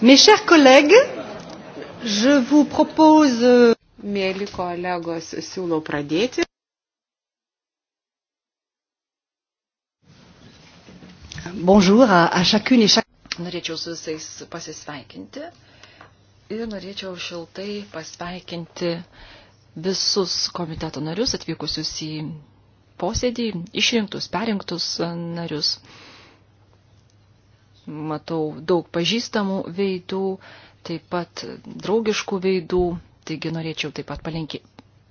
Mes chers collègues, je vous propose. Euh, Mėly kolegos, siūlau pradėti. Bonjour à, à chacune et chaque. Norėčiau su visais pasisveikinti ir norėčiau šiltai pasveikinti visus komiteto narius atvykusius į posėdį, išrinktus, perinktus narius. Uh, matau daug pažįstamų veidų, taip pat draugiškų veidų, taigi norėčiau taip pat palinkė,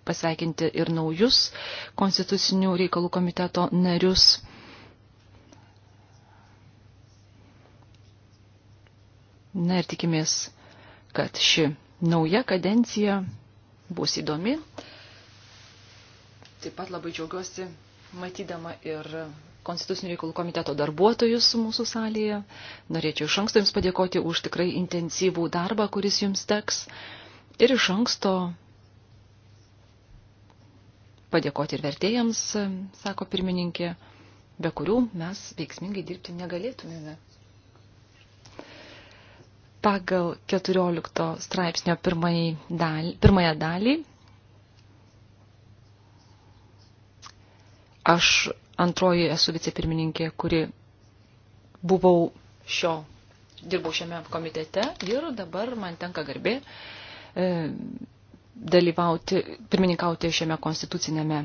pasveikinti ir naujus konstitucinių reikalų komiteto narius. Na ir tikimės, kad ši nauja kadencija bus įdomi. Taip pat labai džiaugiuosi matydama ir Konstitucinių reikalų komiteto darbuotojus mūsų salėje. Norėčiau iš anksto Jums padėkoti už tikrai intensyvų darbą, kuris Jums teks. Ir iš anksto padėkoti ir vertėjams, sako pirmininkė, be kurių mes veiksmingai dirbti negalėtumėme. Pagal 14 straipsnio dalį, pirmąją dalį aš antroji esu vicepirmininkė, kuri buvau šio, dirbau šiame komitete ir dabar man tenka garbė e, dalyvauti, pirmininkauti šiame konstitucinėme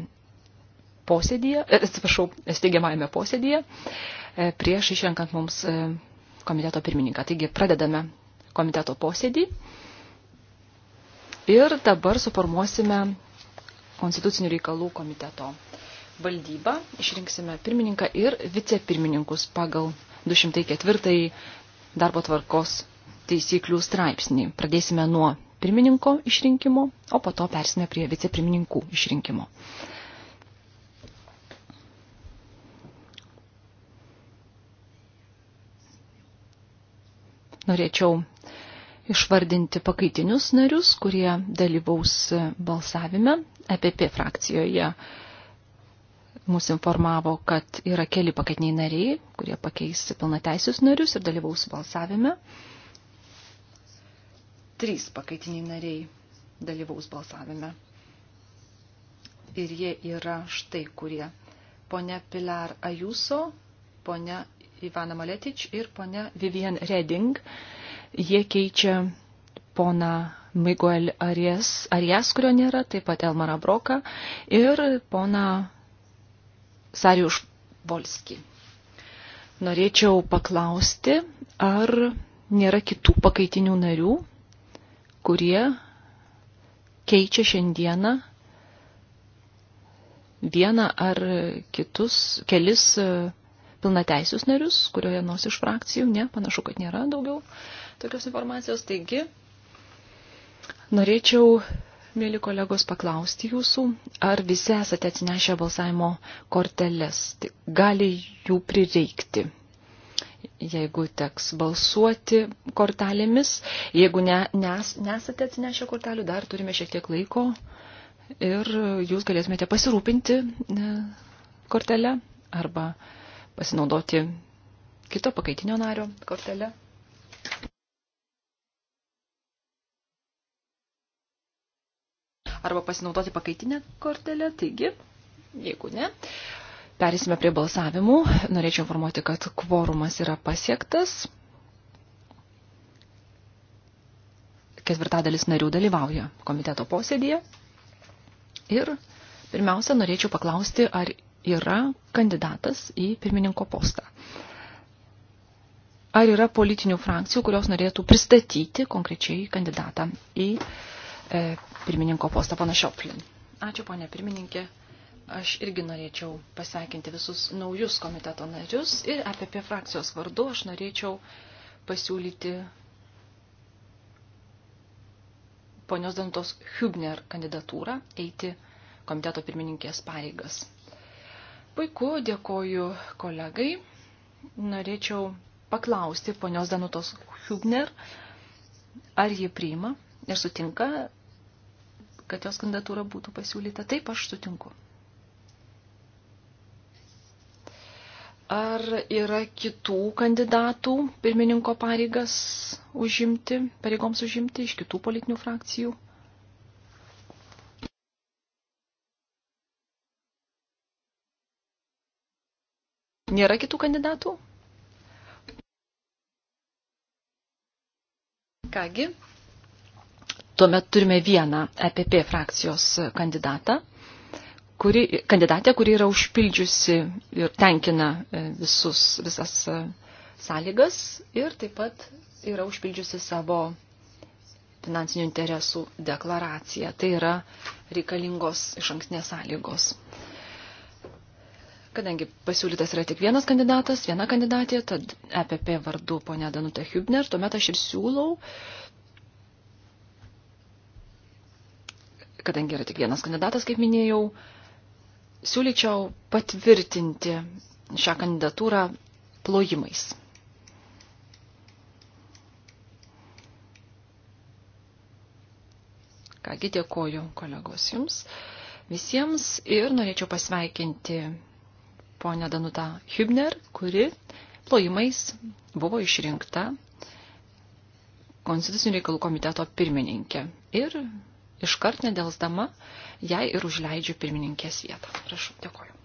posėdyje, e, atsiprašau, steigiamajame posėdyje, e, prieš išrenkant mums e, komiteto pirmininką. Taigi pradedame komiteto posėdį ir dabar suformuosime konstitucinių reikalų komiteto valdybą, išrinksime pirmininką ir vicepirmininkus pagal 204 darbo tvarkos taisyklių straipsnį. Pradėsime nuo pirmininko išrinkimo, o po to persime prie vicepirmininkų išrinkimo. Norėčiau išvardinti pakaitinius narius, kurie dalyvaus balsavime EPP frakcijoje mūsų informavo, kad yra keli paketiniai nariai, kurie pakeis pilnateisius narius ir dalyvaus balsavime. Trys pakaitiniai nariai dalyvaus balsavime. Ir jie yra štai kurie. Pone Pilar Ajuso, pone Ivana Maletič ir pone Vivian Reding. Jie keičia pona Miguel Arias, Arias kurio nėra, taip pat Elmara Broka ir pona Sariuš Volski. Norėčiau paklausti, ar nėra kitų pakaitinių narių, kurie keičia šiandieną vieną ar kitus, kelis e, pilnateisius narius, kurioje nors iš frakcijų, ne, panašu, kad nėra daugiau tokios informacijos. Taigi, norėčiau mėly kolegos, paklausti jūsų, ar visi esate atsinešę balsavimo korteles. Tai gali jų prireikti, jeigu teks balsuoti kortelėmis. Jeigu ne, nes, nesate atsinešę kortelių, dar turime šiek tiek laiko ir jūs galėtumėte pasirūpinti e, kortelę arba pasinaudoti kito pakaitinio nario kortelę. arba pasinaudoti pakaitinę kortelę. Taigi, jeigu ne, perėsime prie balsavimų. Norėčiau informuoti, kad kvorumas yra pasiektas. Ketvirtadalis narių dalyvauja komiteto posėdėje. Ir pirmiausia, norėčiau paklausti, ar yra kandidatas į pirmininko postą. Ar yra politinių frakcijų, kurios norėtų pristatyti konkrečiai kandidatą į pirmininko postą? E, pirmininko postą pana Šioplin. Ačiū, ponė pirmininkė. Aš irgi norėčiau pasveikinti visus naujus komiteto narius ir APP frakcijos vardu aš norėčiau pasiūlyti ponios Dantos Hübner kandidatūrą eiti komiteto pirmininkės pareigas. Puiku, dėkoju kolegai. Norėčiau paklausti ponios Danutos Hübner, ar ji priima ir sutinka kad jos kandidatūra būtų pasiūlyta. Taip, aš sutinku. Ar yra kitų kandidatų pirmininko pareigas užimti, pareigoms užimti iš kitų politinių frakcijų? Nėra kitų kandidatų? Kągi, Tuomet turime vieną EPP frakcijos kandidatą, kuri, kandidatę, kuri yra užpildžiusi ir tenkina e, visus, visas e, sąlygas ir taip pat yra užpildžiusi savo finansinių interesų deklaraciją. Tai yra reikalingos iš ankstinės sąlygos. Kadangi pasiūlytas yra tik vienas kandidatas, viena kandidatė, tad EPP vardu ponia Danutė Hübner, tuomet aš ir siūlau kadangi yra tik vienas kandidatas, kaip minėjau, siūlyčiau patvirtinti šią kandidatūrą plojimais. Kągi dėkoju kolegos jums visiems ir norėčiau pasveikinti ponę Danutą Hübner, kuri plojimais buvo išrinkta Konstitucinių reikalų komiteto pirmininkė ir iškart nedelsdama jai ir užleidžiu pirmininkės vietą. Prašau, dėkoju.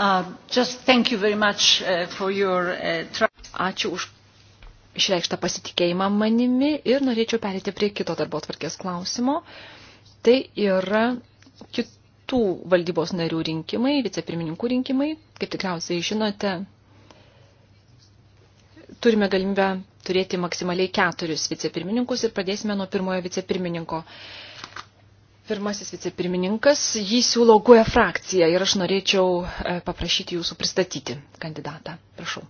Uh, just thank you very much uh, for your uh, ačiū už išreikštą pasitikėjimą manimi ir norėčiau perėti prie kito darbo tvarkės klausimo. Tai yra kitų valdybos narių rinkimai, vicepirmininkų rinkimai. Kaip tikriausiai žinote, turime galimybę turėti maksimaliai keturis vicepirmininkus ir pradėsime nuo pirmojo vicepirmininko. Pirmasis vicepirmininkas, jį siūlo GUE frakcija ir aš norėčiau e, paprašyti jūsų pristatyti kandidatą. Prašau.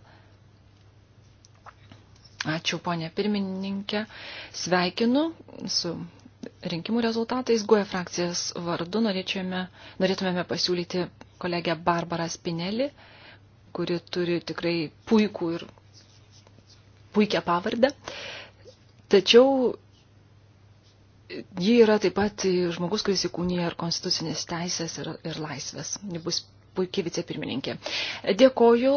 Ačiū, ponė pirmininkė. Sveikinu su rinkimų rezultatais. Guoja e frakcijas vardu norėtumėme pasiūlyti kolegę Barbarą Spinelį, kuri turi tikrai puikų ir puikią pavardę. Tačiau ji yra taip pat žmogus, kuris įkūnija ir konstitucinės teisės ir, ir laisvės. Ji bus puikiai vicepirmininkė. Dėkoju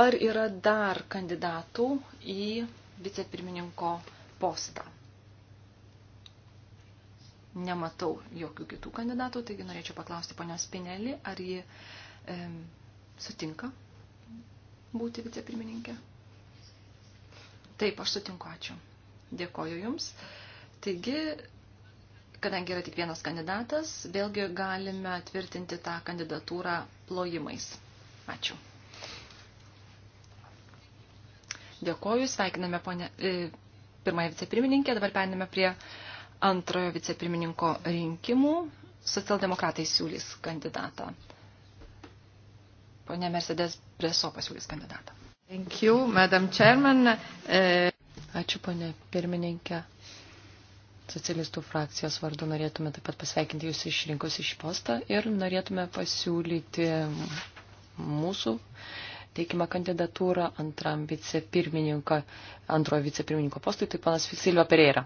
Ar yra dar kandidatų į vicepirmininko postą? Nematau jokių kitų kandidatų, taigi norėčiau paklausti ponios Pinelį, ar ji e, sutinka būti vicepirmininkė. Taip, aš sutinku, ačiū. Dėkoju Jums. Taigi, kadangi yra tik vienas kandidatas, vėlgi galime tvirtinti tą kandidatūrą plojimais. Ačiū. Dėkoju, sveikiname ponę, e, pirmąją vicepirmininkę, dabar perėmėme prie antrojo vicepirmininko rinkimų. Socialdemokratai siūlys kandidatą. Pone Mercedes Breso pasiūlys kandidatą. Thank you, Madam Chairman. E... Ačiū, ponė pirmininkė. Socialistų frakcijos vardu norėtume taip pat pasveikinti jūs išrinkus iš postą ir norėtume pasiūlyti mūsų teikimą kandidatūrą antram vicepirmininko, antrojo vicepirmininko postui, tai panas Silvio Pereira.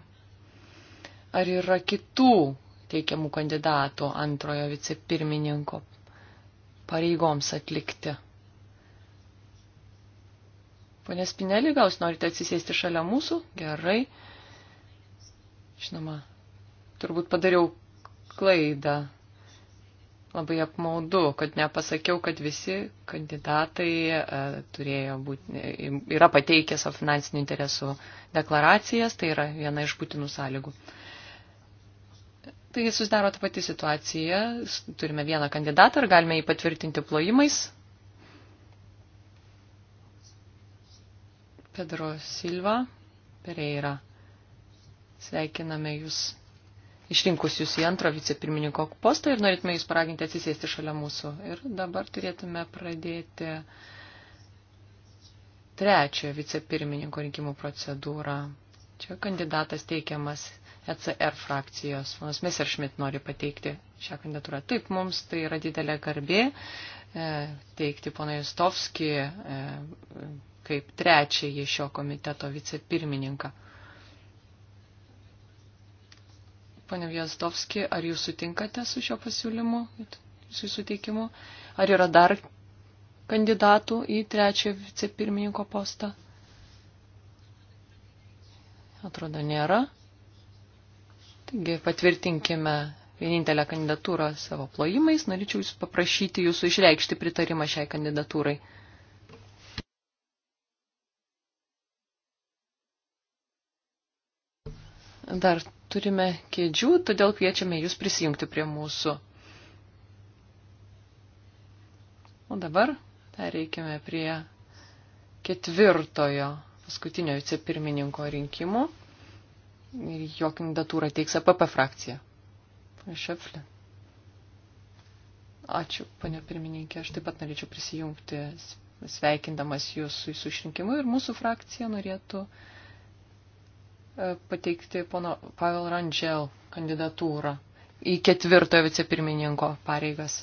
Ar yra kitų teikiamų kandidatų antrojo vicepirmininko pareigoms atlikti? Pone Spinelį, gal jūs norite atsisėsti šalia mūsų? Gerai. Žinoma, turbūt padariau klaidą labai apmaudu, kad nepasakiau, kad visi kandidatai e, turėjo būti, e, yra pateikę savo finansinių interesų deklaracijas, tai yra viena iš būtinų sąlygų. Tai susidaro ta pati situacija, turime vieną kandidatą ir galime jį patvirtinti plojimais. Pedro Silva, Pereira, sveikiname jūs išrinkus jūs į antrą vicepirmininko postą ir norėtume jūs paraginti atsisėsti šalia mūsų. Ir dabar turėtume pradėti trečiojo vicepirmininko rinkimų procedūrą. Čia kandidatas teikiamas ECR frakcijos. Manas Messerschmidt nori pateikti šią kandidatūrą. Taip, mums tai yra didelė garbė e, teikti poną Justovskį e, kaip trečiąjį šio komiteto vicepirmininką. Pane Vjazdovski, ar jūs sutinkate su šio pasiūlymu, su suteikimu? Ar yra dar kandidatų į trečią vicepirmininko postą? Atrodo, nėra. Taigi patvirtinkime vienintelę kandidatūrą savo plojimais. Norėčiau jūs paprašyti jūsų išreikšti pritarimą šiai kandidatūrai. Dar neturime kėdžių, todėl kviečiame jūs prisijungti prie mūsų. O dabar pereikime prie ketvirtojo paskutinio vicepirmininko rinkimų. Ir jo kandidatūrą teiks APP frakcija. Šeflė. Ačiū, ponė pirmininkė. Aš taip pat norėčiau prisijungti sveikindamas jūs su jūsų išrinkimu ir mūsų frakcija norėtų uh, pateikti pono Pavel Rangel kandidatūrą į ketvirtojo vicepirmininko pareigas.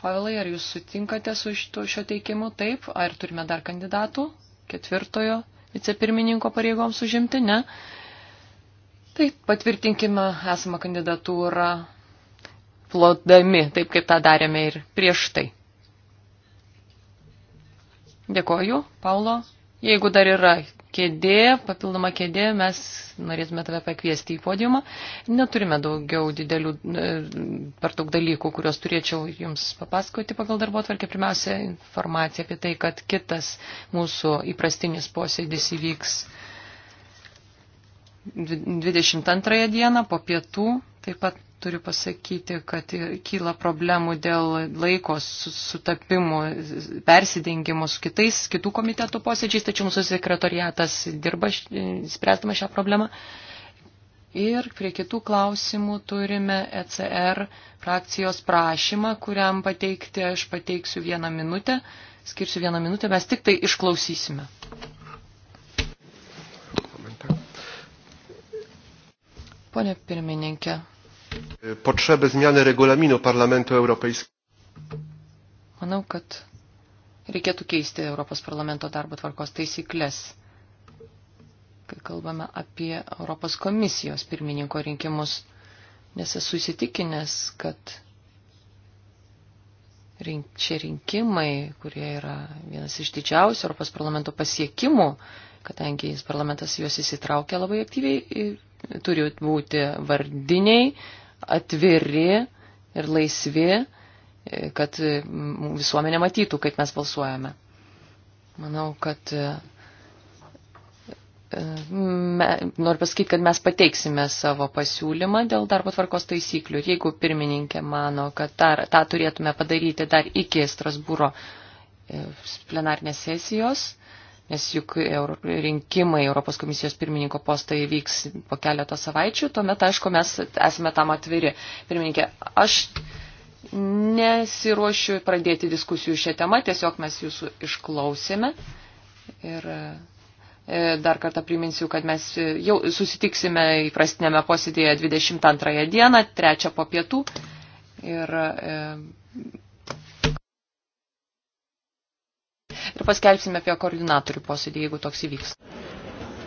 Pavelai, ar jūs sutinkate su šito, šio teikimu? Taip. Ar turime dar kandidatų ketvirtojo vicepirmininko pareigoms užimti? Ne. Tai patvirtinkime esamą kandidatūrą plodami, taip kaip tą darėme ir prieš tai. Dėkoju, Paulo. Jeigu dar yra kėdė, papildoma kėdė, mes norėtume tave pakviesti į podiumą. Neturime daugiau didelių, e, per daug dalykų, kuriuos turėčiau jums papasakoti pagal darbo tvarkę. Pirmiausia, informacija apie tai, kad kitas mūsų įprastinis posėdis įvyks 22 dieną po pietų, taip pat turiu pasakyti, kad kyla problemų dėl laiko sutapimų, persidengimo su kitais, kitų komitetų posėdžiais, tačiau mūsų sekretoriatas dirba spręsdama šią problemą. Ir prie kitų klausimų turime ECR frakcijos prašymą, kuriam pateikti aš pateiksiu vieną minutę, skirsiu vieną minutę, mes tik tai išklausysime. Pone pirmininkė, Potrzebę zmiany regulaminu Parlamento Europejskiego. Manau, kad reikėtų keisti Europos parlamento darbo tvarkos taisyklės, kai kalbame apie Europos komisijos pirmininko rinkimus, nes esu įsitikinęs, kad rink, šie rinkimai, kurie yra vienas iš didžiausių Europos parlamento pasiekimų, kadangi jis parlamentas juos įsitraukia labai aktyviai, turi būti vardiniai, atviri ir laisvi, e, kad e, visuomenė matytų, kaip mes balsuojame. Manau, kad e, me, noriu pasakyti, kad mes pateiksime savo pasiūlymą dėl darbo tvarkos taisyklių. Ir jeigu pirmininkė mano, kad tar, tą turėtume padaryti dar iki Strasbūro plenarnės sesijos, nes juk rinkimai Europos komisijos pirmininko postai vyks po keletą savaičių, tuomet, aišku, mes esame tam atviri. Pirmininkė, aš nesiruošiu pradėti diskusijų šią temą, tiesiog mes jūsų išklausėme ir e, Dar kartą priminsiu, kad mes jau susitiksime įprastinėme posėdėje 22 dieną, 3 po pietų. Ir e, ir paskelbsime apie koordinatorių posėdį, jeigu toks įvyks.